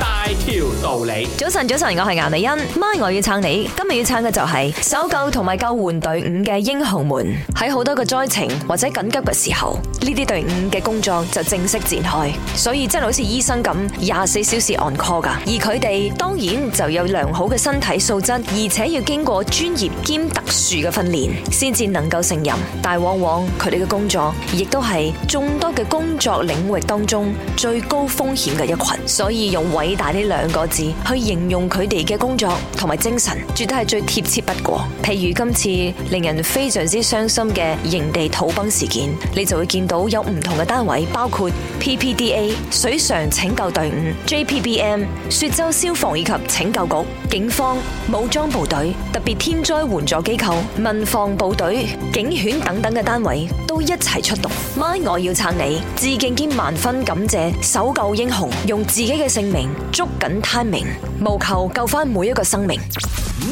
大條道理，早晨，早晨，我係顏美欣，媽，我要撐你。今日要撐嘅就係搜救同埋救援隊伍嘅英雄們。喺好多嘅災情或者緊急嘅時候，呢啲隊伍嘅工作就正式展開，所以真係好似醫生咁廿四小時 on call 噶。而佢哋當然就有良好嘅身體素質，而且要經過專業兼特殊嘅訓練，先至能夠勝任。但往往佢哋嘅工作，亦都係眾多嘅工作領域當中最高風險嘅一群，所以用。偉大呢兩個字去形容佢哋嘅工作同埋精神，絕對係最貼切不過。譬如今次令人非常之傷心嘅營地土崩事件，你就會見到有唔同嘅單位，包括 PPDA 水上拯救隊伍、JPBM 雪州消防以及拯救局、警方、武裝部隊、特別天災援助機構、民防部隊、警犬等等嘅單位。都一齊出動。咪我要撐你，致敬兼萬分感謝搜救英雄，用自己嘅性命捉緊 timing，務求救翻每一個生命。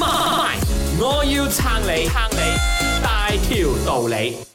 咪我要撐你，撐你大條道理。